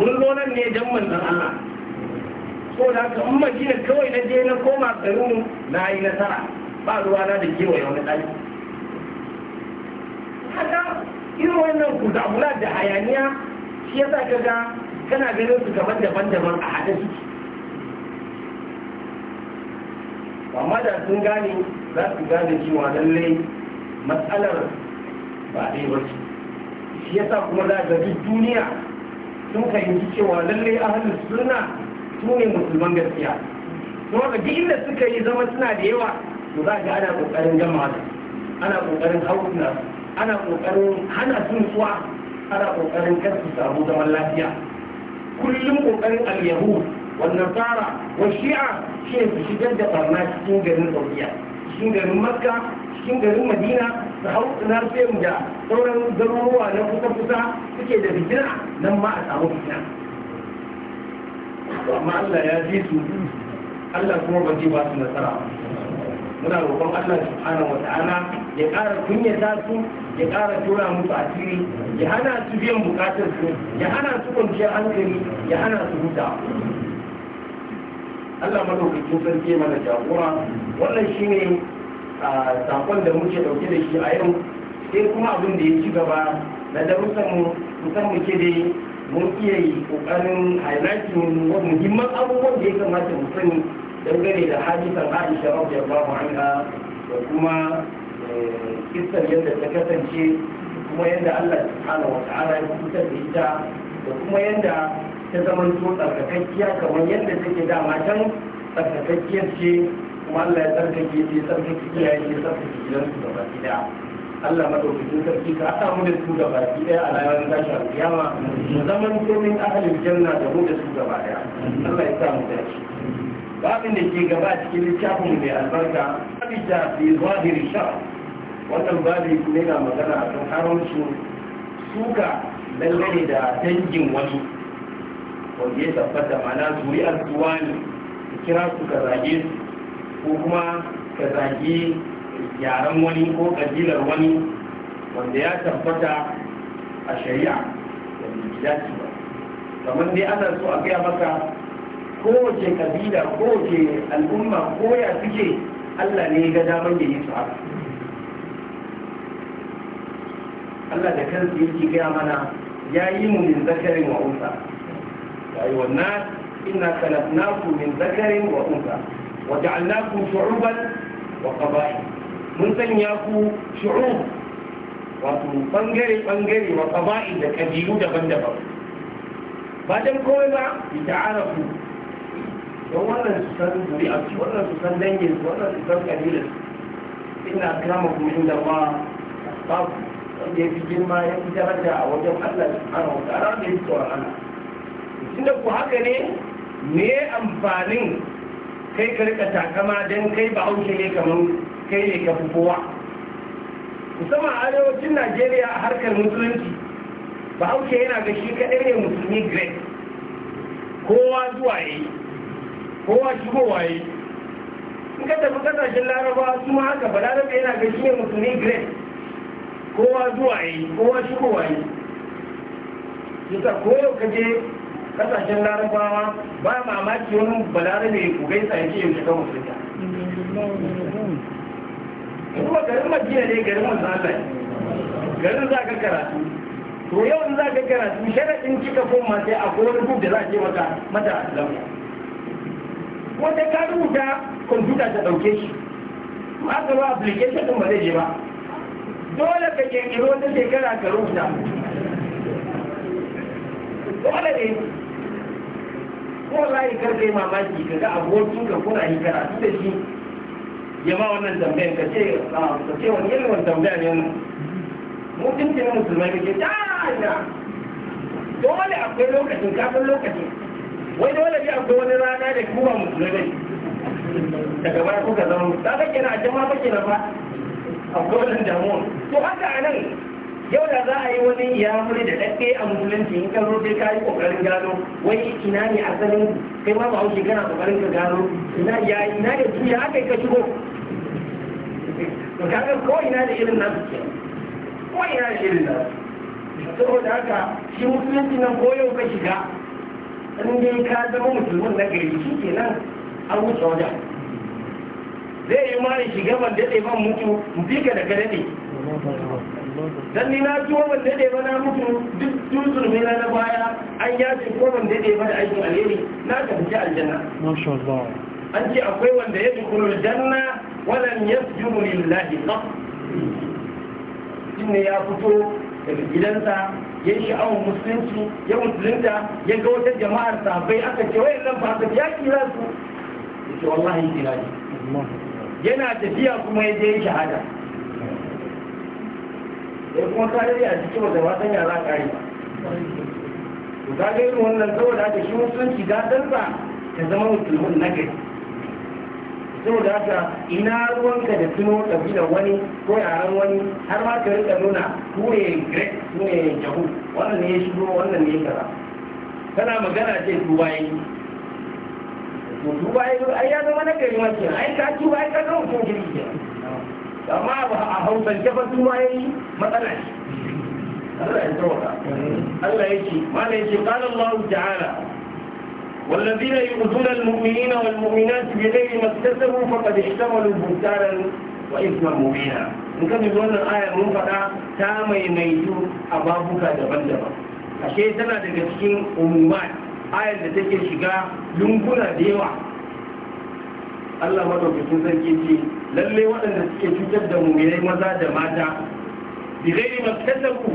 mun zo ne don manzan Allah so da haka in madina kawai na je na koma garin na yi nasara ba ruwa na da kewaye wani ɗari haka irin wannan ku da hayaniya shi yasa ka ga kana ganin su kamar daban-daban a haɗe ba amma da sun gane za su gane cewa lallai matsalar ba ɗaya ba ce shi yasa kuma za ga duk duniya sun fahimci cewa lallai ahalin suna su musulman gaskiya don haka duk inda suka yi zama suna da yawa to za ga ana kokarin jama'a ana kokarin haukuna ana kokarin hana sun tsuwa ana kokarin kar su samu zaman lafiya kullum ƙoƙarin al wannan tsara, wa shi'a shi ne su shigar da barna cikin garin saudiya cikin garin makka cikin garin madina su hau na sayan da sauran garuruwa na kusa-kusa suke da fitina nan ma a samu fitina amma Allah ya ji su Allah kuma ba zai ba su nasara muna roƙon Allah subhanahu wa ta'ala ya ƙara kunyata su ya ƙara tura musu asiri ya hana su biyan bukatar su ya hana su kwanciyar hankali ya hana su huta Allah madaukakin sarki mana jagora wannan shine sakon da muke dauke da shi a yau sai kuma abin da ya ci gaba na darussan mu kusan muke dai mun iya yi kokarin highlighting muhimman abubuwan da ya kamata mu sani dangane da hadisan Aisha radiyallahu anha da kuma eh, kissar yadda ta kasance kuma yadda Allah subhanahu wata'ala ya kusa da ita da kuma yadda ta zama tsarkakakkiya kamar yadda take dama can tsarkakakkiyar ce kuma Allah ya tsarkake shi ya tsarkake iyaye ya tsarkake su gaba gida. Allah madaukakin sarki ka haɗa mu da su gaba ɗaya a ranar tashi alƙiyama mu zaman komin ahalin janna da mu da su gaba ɗaya Allah ya sa mu dace babin da ke gaba cikin littafin mai albarka abita fi zahiri shar wannan babi ne na magana a kan haramcin suka dangane da dangin wani wanda ya tabbata mana zuri'ar tuwani kira su ka zage su ko kuma ka zagi yaren wani ko kabilar wani wanda ya tabbata a shari'a da bai dace ba kamar dai ana so a gaya maka kowace kabila kowace al'umma ko ya suke allah ne ga damar da yi su haka allah da kansu yake gaya mana ya yi mu min zakarin wa unsa ya yi wannan ina kalafnaku min zakarin wa unsa وجعلناكم شعوبا وقبائل mun sanya ku shu'ub wato bangare bangare wa qaba'i da kabilu daban-daban ba dan kawai ba bi ta'arafu don wannan su san duri a wannan su san dangin wannan su san ina wanda ya fi girma ya fi daraja a wajen Allah subhanahu wa ta'ala da ya fi tsoron Allah tunda ku haka ne me amfanin kai ka takama don kai ba haushe ne kamar kai ne ka fi kowa musamman a arewacin najeriya a harkar musulunci ba haushe yana ga shi kaɗai ne musulmi great kowa zuwa yi kowa shigowa ya yi in ka tafi kasashen laraba su ma haka laraba yana ga shi ne musulmi great kowa zuwa yi kowa shigowa ya yi yasa koyo ka je kasashen larabawa ba mamaki wani balare mai kogai sa yake yau shiga musulunta kuma garin madina ne garin musulunta garin za ka karatu to yau za ka karatu sharaɗin cika ko sai a wani duk da za a ce mata mata lafiya wata ka rubuta kwamfuta ta ɗauke shi ma ka ba application ɗin ba zai je ba dole ka kirkiro wata shekara ka rubuta dole ne ko wallahi kar kai mamaki ka ga abokin ka kuna yi karatu da shi ya ma wannan tambayan ka ce ah, ka ce wani irin wani tambaya ne wannan mutuncin musulmai kake ta ina dole akwai lokacin kafin lokacin wai dole ne akwai wani rana da kuma musulmai daga baya kuka zama ta kake na a jama'a kake na ba akwai wani damuwa to haka a nan yau da za a yi wani ya muri da ɗaɗɗe a musulunci in ka zo sai ka yi ƙoƙarin gano wai ina ne asalin kai ma bahaushe kana ƙoƙarin ka gano ina ya ina da tuya aka yi ka shigo kaga ko ina da irin nasu ke ko ina da irin nasu saboda haka shi musulunci nan ko yau ka shiga in dai ka zama musulmin na gari shi ke nan an wuce wajen zai yi ma shiga ban daɗe ban mutu mu fi ka da ka dan ni na ji wannan dade ba na mutu duk dutsun mai na baya an yaji ko wannan dade ba da aikin alheri na tafi aljanna masha Allah an ce akwai wanda ya dukuru aljanna walan yasjudu lillahi qat ne ya fito daga gidansa ya yi sha'awar musulunci ya musulunta ya ga wata jama'ar sabai aka ce wayan nan ba ya kira su ya ce wallahi kira ne yana tafiya kuma ya je shahada sai kuma ka dade a cikin wata ba sanya za ka yi to ka ga irin wannan saboda haka shi musulunci gadan ba ta zama musulmin na gari saboda haka ina ruwanka da tuno kabilar wani ko yaran wani har ma ka rika nuna ku ne grek ku ne jahu wannan ne ya shigo wannan ne ya kaza kana magana ce duba yi to duba yi ai ya zama na gari mace ai ka tuba ai ka zama mutum girki amma abu a hausan jafa su ma yayi matsala shi Allah ya tawaka Allah yake mana yake qala Allah ta'ala والذين يؤتون المؤمنين والمؤمنات بغير ما اكتسبوا فقد احتملوا بهتانا وإثما مبينا in ka dubi wannan ayar mun faɗa ta maimaitu a babuka daban-daban ashe tana daga cikin umumat ayar da take shiga lunguna da yawa Allah madaukakin sarki ce lalle waɗanda suke cutar da mu mu'minai maza da mata bi gairi maktasabu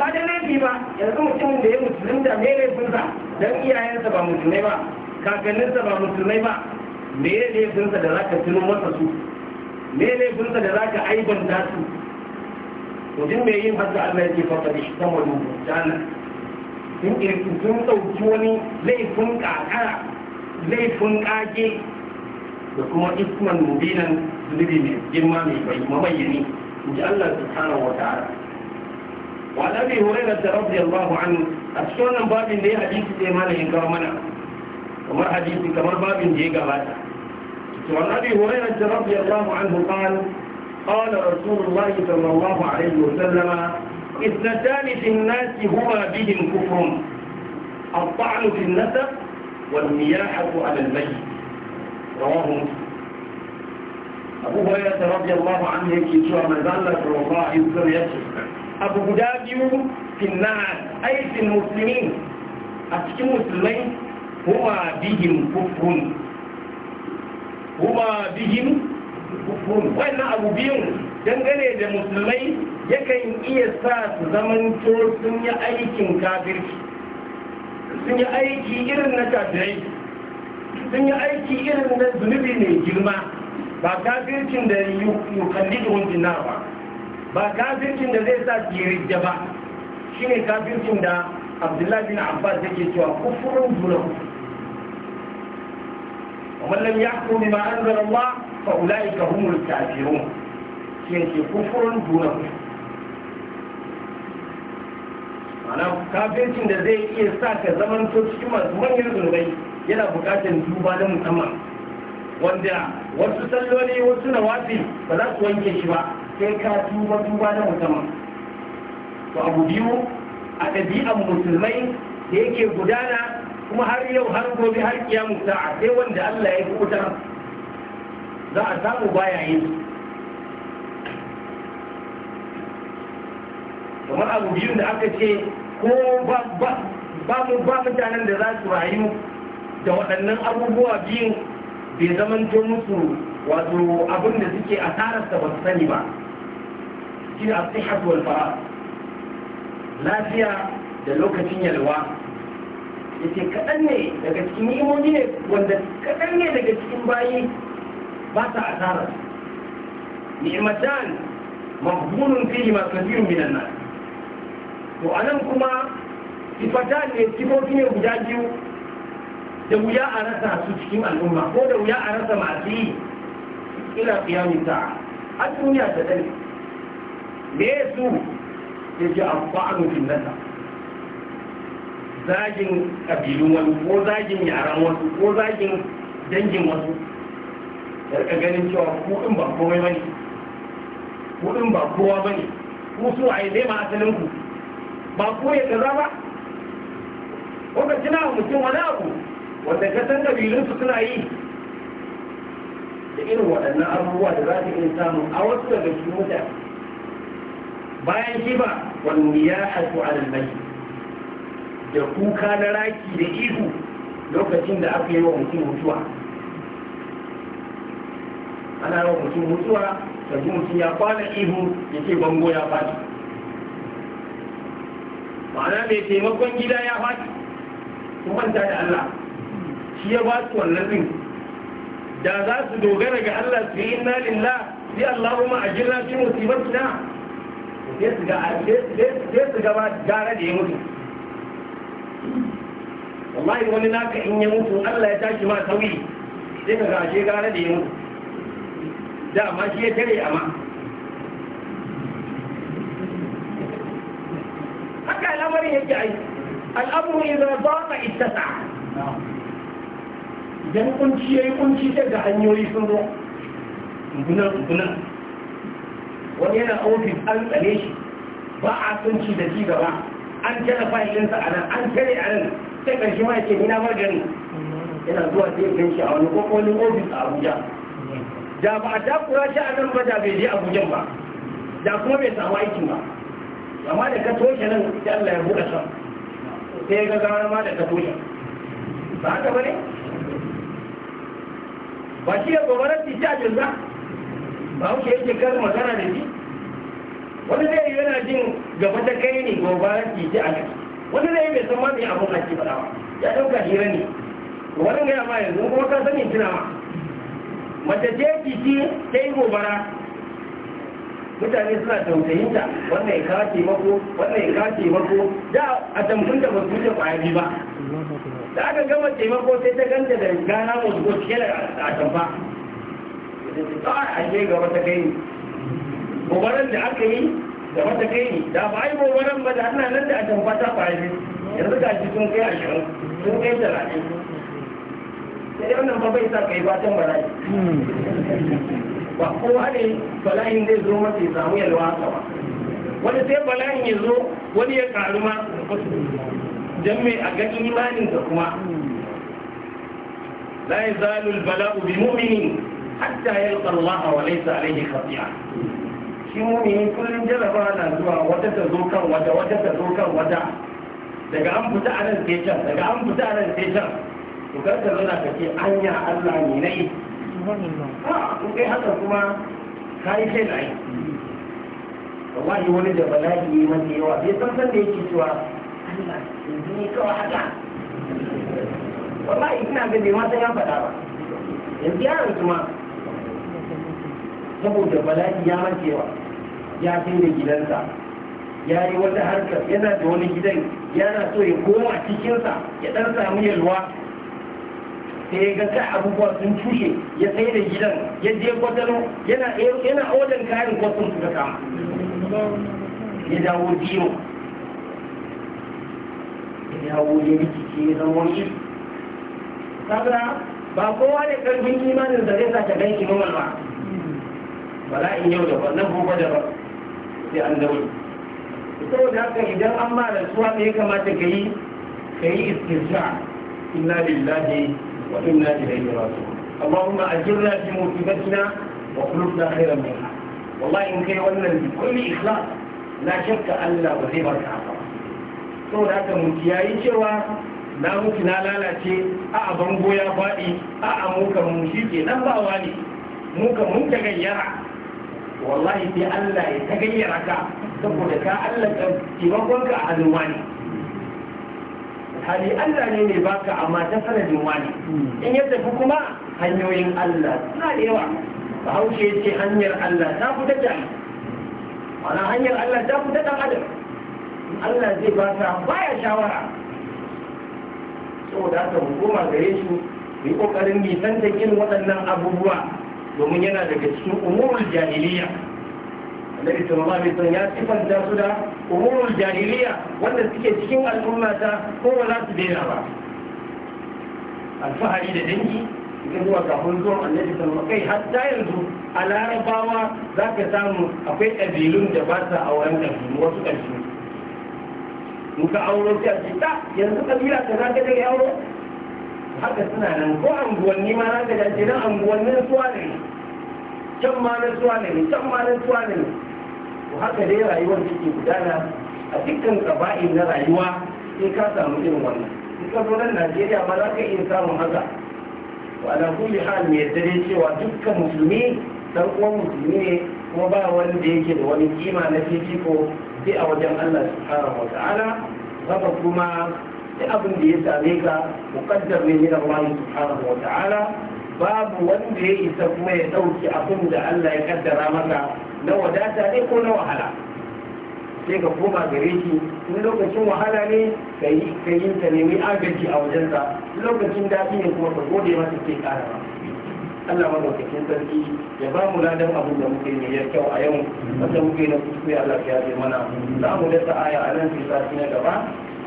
ba da laifi ba yanzu mutum da ya da ne laifinsa dan iyayensa ba musulmai ba kakanninsa ba musulmai ba me ne laifinsa da zaka tuno masa su me ne laifinsa da zaka aibanta su din me yin haka Allah ya ce fa qad jana in sun sun dauki wani laifin kakara laifin kage da kuma isman mubinan zunubi mai girma mai bai mamayyani in ji Allah subhanahu wa ta'ala wa nabi hurairah da radiyallahu anhu a cikin wannan babin da ya hadisi sai malamin kawo mana kamar hadisi kamar babin da ya gabata wa nabi hurairah da radiyallahu anhu qala قال رسول الله صلى الله عليه وسلم اثنتان في الناس هما بهم كفر الطعن في النسب والنياحة على الميت رواه abu hurairah ta radiyallahu anhu yake cewa manzo Allah sallallahu alaihi wasallam yace abu guda biyu finna aikin muslimin a cikin musulmai kuma bihim kufrun kuma bihim kufrun wannan abu biyun dangane da musulmai yakan iya sa su zamanto sun yi aikin kafirki. sun yi aiki irin na kafirai sun yi aiki irin na zunubi mai girma ba kafircin da yi da dinar ba ba kafircin da zai sa da ba shine kafircin da abdullahi bin abbas ke cewa kufurin ya dunahu ومن لم يحكم بما أنزل الله فأولئك هم ke شيء kufurin دونه ma'ana kafircin da zai iya sa ka zaman to cikin masu manyan zunubai yana bukatar duba da musamman wanda wasu salloli wasu na wafi ba za su wanke shi ba sai ka duba duba da musamman to abu biyu a ɗabi'an musulmai da yake gudana kuma har yau har gobe har kiyamu sa'a sai wanda Allah ya kuta za a samu baya yin kamar abu biyun da aka ce ko ba mu ba mutanen da za su rayu da waɗannan abubuwa biyu bai zamanto musu wato abin da suke asararsa ba su sani ba shi ne asihatu wal fara lafiya da lokacin yalwa Yake kaɗan ne daga cikin ni'imomi ne wanda kaɗan ne daga cikin bayi ba sa asara ni'matan mahbunun fihi ma kathirun minan nan to anan kuma sifatan ne sifofi ne guda biyu da wuya a rasa su cikin al'umma ko da wuya a rasa masu yi ila kiyamin ta a duniya ta dare me su ya ji amfanu jinnata zagin ƙabilun wani ko zagin yaran wasu ko zagin dangin wasu yarka ganin cewa kuɗin ba komai bane kuɗin ba kowa bane ko su a yi ma asalin ku ba ko ya ba ko ka mutum wani abu wanda ka san suna yi da irin waɗannan abubuwa da za su iya samun a wasu daga shi mota bayan shi ba wani ya hasu alalmai da kuka na raki da ihu lokacin da aka yi wa mutum mutuwa ana yi wa mutum mutuwa da mutum ya kwana ihu ya ce bango ya faɗi ma'ana mai taimakon gida ya faɗi kuma da Allah shi ya ba su wannan din da za su dogara ga Allah su yi inna lillah sai Allahumma a fi musibatina sai su ga sai su gaba gara da ya mutu wallahi wani naka in ya mutu Allah ya tashi ma sauyi sai ka gashe gara da ya mutu da ma shi ya tare a ma. haka al'amarin yake ai al'amru idza daqa ittasa idan kunci ya yi kunci ta da hanyoyi sun zo gunan gunan wani yana ofis an tsane shi ba a kunci da ci gaba an tara fahilinsa a nan an tare a nan ta ƙarshe ma yake nina margani yana zuwa ta yi shi a wani kwakwalin ofis a abuja da ba a takura shi a nan ba da bai je abuja ba da kuma bai samu aikin ba amma da ka toshe nan ya allah ya buɗe sa sai ga gara ma da ka toshe ba haka ba ne ba shi ya gobarar ci a jirza ba wuce yake kar magana da shi wani zai yi yana jin gaba ta kai ne gobarar ci a jirza wani zai yi bai san ma mai abin ake faɗa ya ɗauka hira ne wani gaya ma yanzu kuma ka sani tuna ma mace ce ci ta yi gobara mutane suna tausayin ta wannan ya kawo taimako wannan ya kawo taimako da a tamkunta ba su wuce kwayar ba da aka gama taimako sai ta ganta da gana mu zuwa cikin a tamfa ta a ake ga wata kai gobaran da aka yi da wata kai ne da ba a yi gobaran ba da ana nan da a tamfa ta faru yanzu ga shi sun kai ashirin sun kai talatin sai wannan ba bai sa kai fatan bala'i ba kowa ne bala'in zai zo masa ya samu yalwa haka ba wani sai bala'in ya zo wani ya karu ma don mai a ga da kuma la ya zalul bala'u bi mumini hatta ya tsallaha wa laisa alaihi khati'a shi mumini kullum jaraba na zuwa wata ta zo kan wata wata ta zo kan wata daga an fita a nan sai can daga an fita a nan sai can to kar ka ka ce anya Allah ne nayi ha kun kai haka kuma kai sai nayi wallahi wani da bala'i mace yawa bai san san da yake cewa ni kawai haka wallahi ya faɗa ba saboda bala'i ya mancewa ya fi da gidansa ya yi wata harkar yana da wani gidan yana so ya koma cikinsa ya ɗan samu yalwa sai ga abubuwa sun cushe ya sai da gidan ya je kwatano yana odan kayan kwasan suka kama ya dawo biyu ya ya rikice ke zama wani kaga ba kowa da karfin imanin da zai sa ta ganshi nomal ba in yau da wannan gobe da ba sai an daure saboda haka idan an ma rantsuwa ne ya kamata ka yi ka yi istisna inna lillahi wa inna ilaihi raji'un اللهم أجرنا في مصيبتنا واخلفنا in kai wannan bi, كان ولنا بكل إخلاص لا شك أن zai barka. saboda mutu ya yi cewa na mutu na lalace a abin bango ya faɗi a a muka mu shi ke nan ba ne muka mun ta gayyara wallahi sai Allah ya ta gayyara ka saboda ka Allah ka taimakon ka a hannun wani hali Allah ne mai baka amma ta sanadin wani hmm. in ya tafi kuma hanyoyin Allah suna da yawa ba bahaushe ce hanyar Allah ta fita jami wani hanyar Allah ta ta ɗan adam Allah zai ba ta baya shawara saboda haka hukuma gare su yi kokarin nisan ta irin waɗannan abubuwa domin yana daga cikin umurul jahiliya annabi sallallahu alaihi wasallam ya sifanta su da umurul jahiliya wanda suke cikin al'umma ta ko za su daina ba alfahari da dangi cikin zuwa kafin zuwan annabi sallallahu kai hatta yanzu a larabawa za ka samu akwai ƙabilun da ba sa auren da wasu ƙabilu muka ka auro sai a ce ta yanzu kabila ta za ka daga auro haka suna nan ko anguwanni ma za ka dace nan anguwannin suwa ne can ma na suwa ne can ma na suwa ne ko haka dai rayuwar take gudana a dukkan kaba'i na rayuwa in ka samu irin wannan in ka zo nan najeriya ma za ka iya samun haka wala kulli hal mai dai cewa dukkan musulmi dan uwan musulmi ne kuma ba wanda yake da wani kima na fifiko sai a wajen Allah subhanahu wa ta'ala haka kuma sai abin da ya same ka muqaddar ne min Allah subhanahu wa ta'ala babu wanda ya isa kuma ya dauki abin da Allah ya kaddara maka na wadata ne ko na wahala sai ka koma gare shi in lokacin wahala ne ka yi ka nemi agaji a wajensa lokacin daɗi ne kuma ka gode masa ke ƙara Allah madaukakin sarki ya ba mu ladan abin da muke ne ya kyau a yau wanda muke na kuskure Allah ya yi mana za mu dasa aya a nan sai sati na gaba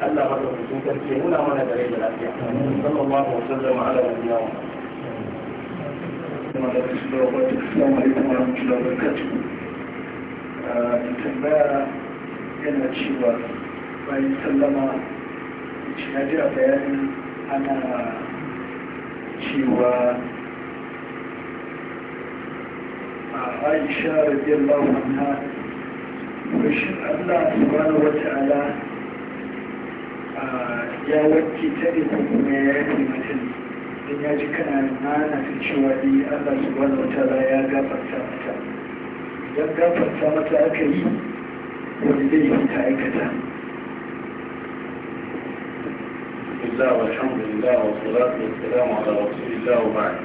Allah madaukakin sarki ya nuna mana da rai da lafiya sallallahu alaihi sallam ala nabiyina Muhammad Assalamu alaikum wa rahmatullahi wa barakatuh. Uh, tambaya yana cewa bayan sallama shi na jira bayanin ana cewa عائشة رضي الله عنها آه، وشن الله سبحانه وتعالى يا وكي تلكم من ياتي مثل إن يجيك أنا المعنى في الشوالي الله سبحانه وتعالى يا قفر سامتا يا قفر سامتا أكيد ولديه في تائكتا الله والحمد لله والصلاة والسلام على رسول الله وبعد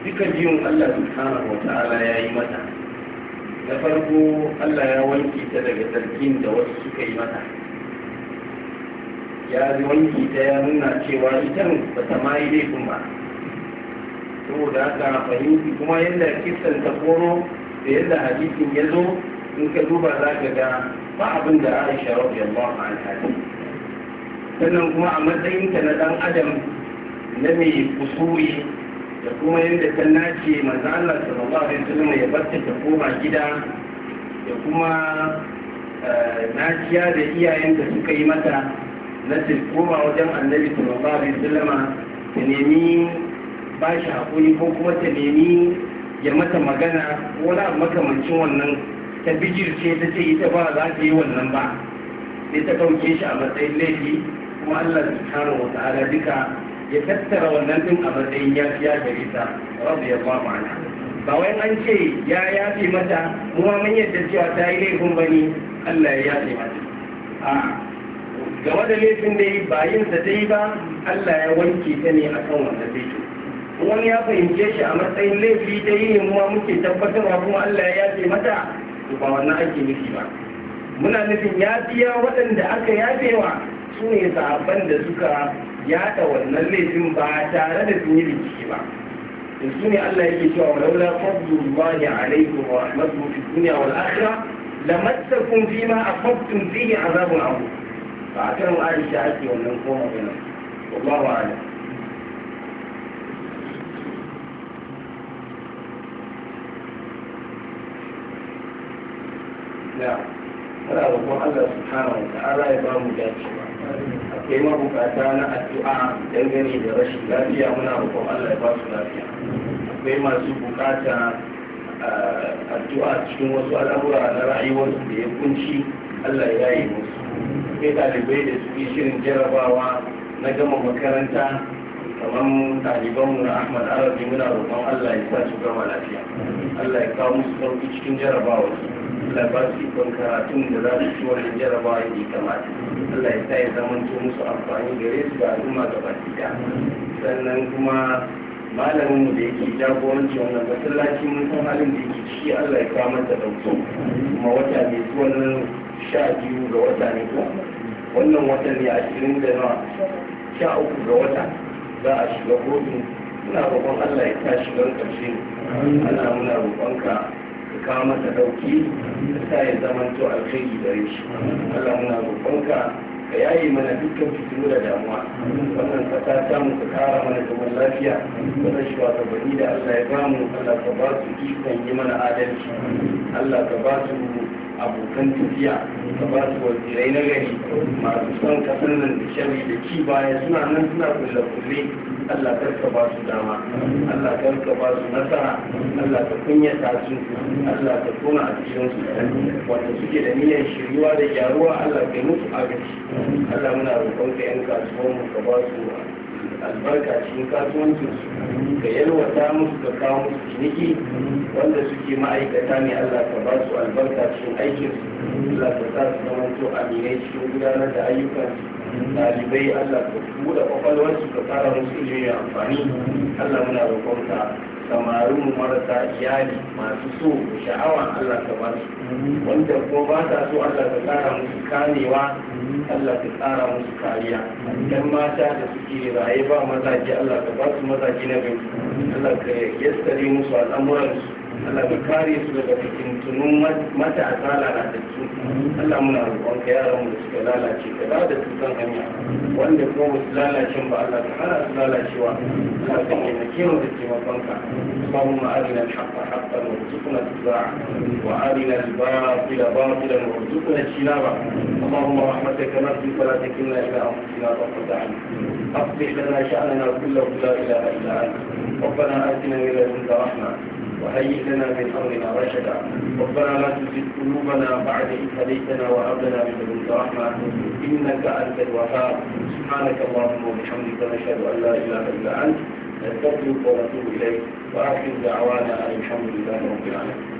duka biyun Allah subhanahu wa ta'ala ya yi mata na farko Allah ya wanke ta daga tarkin da wasu suka yi mata ya wanke ta ya nuna cewa ita ba ta ma yi laifin ba saboda haka fahimci kuma yadda kisan ta koro da yadda hadisin ya zo in ka duba za ka ga ba abin da Aisha radiyallahu anha sannan kuma a matsayinta na dan adam na mai kusuri da kuma yadda ta nace manzo Allah sallallahu alaihi wasallam ya barta ta koma gida da kuma eh, naciya da iyayen da suka yi mata na ta koma wajen annabi sallallahu alaihi wasallam ta nemi ba shi hakuri ko kuma ta nemi ya mata magana wani abu makamancin wannan ta bijirce ta ce ita ba za ta yi wannan ba sai ta ɗauke shi a matsayin laifi kuma Allah subhanahu wa ta'ala duka ya tattara wannan din a matsayin ya fiya gare ta rabu ya ba ma'ana ba wai an ce ya yafi mata kuma mun yadda cewa ta yi laifin bane Allah ya yafi mata a game da laifin da yi ba yin sa dai ba Allah ya wanke ta ne akan wannan laifin wani ya fahimce shi a matsayin laifi yi ne kuma muke tabbatarwa kuma Allah ya yafi mata ba wannan ake nufi ba muna nufin yafiya waɗanda aka yafewa su ne sahabban da suka yada wannan laifin ba tare da sun yi rikici ba da su ne Allah yake cewa laula fadlullahi alaikum wa rahmatuhu fid dunya wal akhirah lamassakum fima aqabtum fihi azabun abu ba a kan Aisha ake wannan koma kenan wallahu a'lam da muna roƙon Allah subhanahu wa ta'ala ya ba mu dacewa akwai mabukata na addu'a dangane da rashin lafiya muna roƙon Allah ya ba su lafiya akwai masu bukata addu'a cikin wasu al'amura na rayuwarsu da ya kunci Allah ya yi musu akwai ɗalibai da suke shirin jarabawa na gama makaranta kamar ɗalibanmu na Ahmad Arabi muna roƙon Allah ya sa su gama lafiya Allah ya kawo musu sauƙi cikin jarabawarsu Allah ba su ikon karatun da za su ci wannan jarabawa ya yi kamata Allah ya sa ya zamanto musu amfani gare su da al'umma gaba ɗaya sannan kuma malamin mu da yake jagoranci wannan masallaci mun san halin da yake shi Allah ya kawo masa dauko kuma wata ne zuwa nan sha biyu ga wata ne ko wannan watan ne ashirin da nawa sha uku ga wata za a shiga kotu muna roƙon Allah ya tashi don ƙarshe ana muna roƙonka kawo masa dauki sa ya zama to alkhairi da shi Allah muna roƙonka ka yaye mana dukkan fitilu da damuwa wannan kasa ta mu ka kara mana zaman lafiya wannan shugabanni da Allah ya bamu Allah ka ba su ikon yi mana adalci Allah ka ba su abokan tafiya ka ba su wazirai na gari masu son kasar nan da shari da ci baya suna nan suna kulle kulle Allah ka ba su dama Allah ka ba su nasara Allah ka ta su Allah ka kuma a cikin su wanda suke da niyyar shiryuwa da gyaruwa Allah ka musu agaci Allah muna roƙon ka yan kasuwar mu ka ba su albarka cikin kasuwancin su ka yalwata musu ka kawo musu ciniki wanda suke ma'aikata ne Allah ka ba su albarka cikin aikin su Allah ka sa su to aminai cikin gudanar da ayyukan ɗalibai Allah ka buɗe kwakwalwarsu ka tsara musu ne amfani Allah muna roƙonka samarin marasa iyali masu so sha'awa Allah ka ba su wanda kuma ba ta so Allah ka tsara musu kamewa Allah ka tsara musu kariya dan mata da suke raye ba mazaje Allah ka ba su mazaje na gari Allah ka yassare musu al'amuransu Allah ka kare su daga fitintunun matasa lalatattu Allah muna roƙon ka yaran mu suka lalace ka da da su kan hanya wanda ko ba su lalace ba Allah ka hana su lalacewa ka san yana kiyon da taimakon ka Allahumma arina al-haqqa haqqan warzuqna ittiba'a wa arina al-batila batilan warzuqna ijtinaba Allahumma rahmataka narju fala takilna ila anfusina tarfata 'ayn أصلح لنا شأننا كله لا إله إلا أنت ربنا آتنا من لدنك رحمة وهيئ لنا من امرنا رشدا ربنا لا تزغ قلوبنا بعد اذ هديتنا وهب لنا من لدنك رحمه انك انت الوهاب سبحانك اللهم وبحمدك نشهد ان لا اله الا انت نستغفرك ونتوب اليك واخر دعوانا ان الحمد لله رب العالمين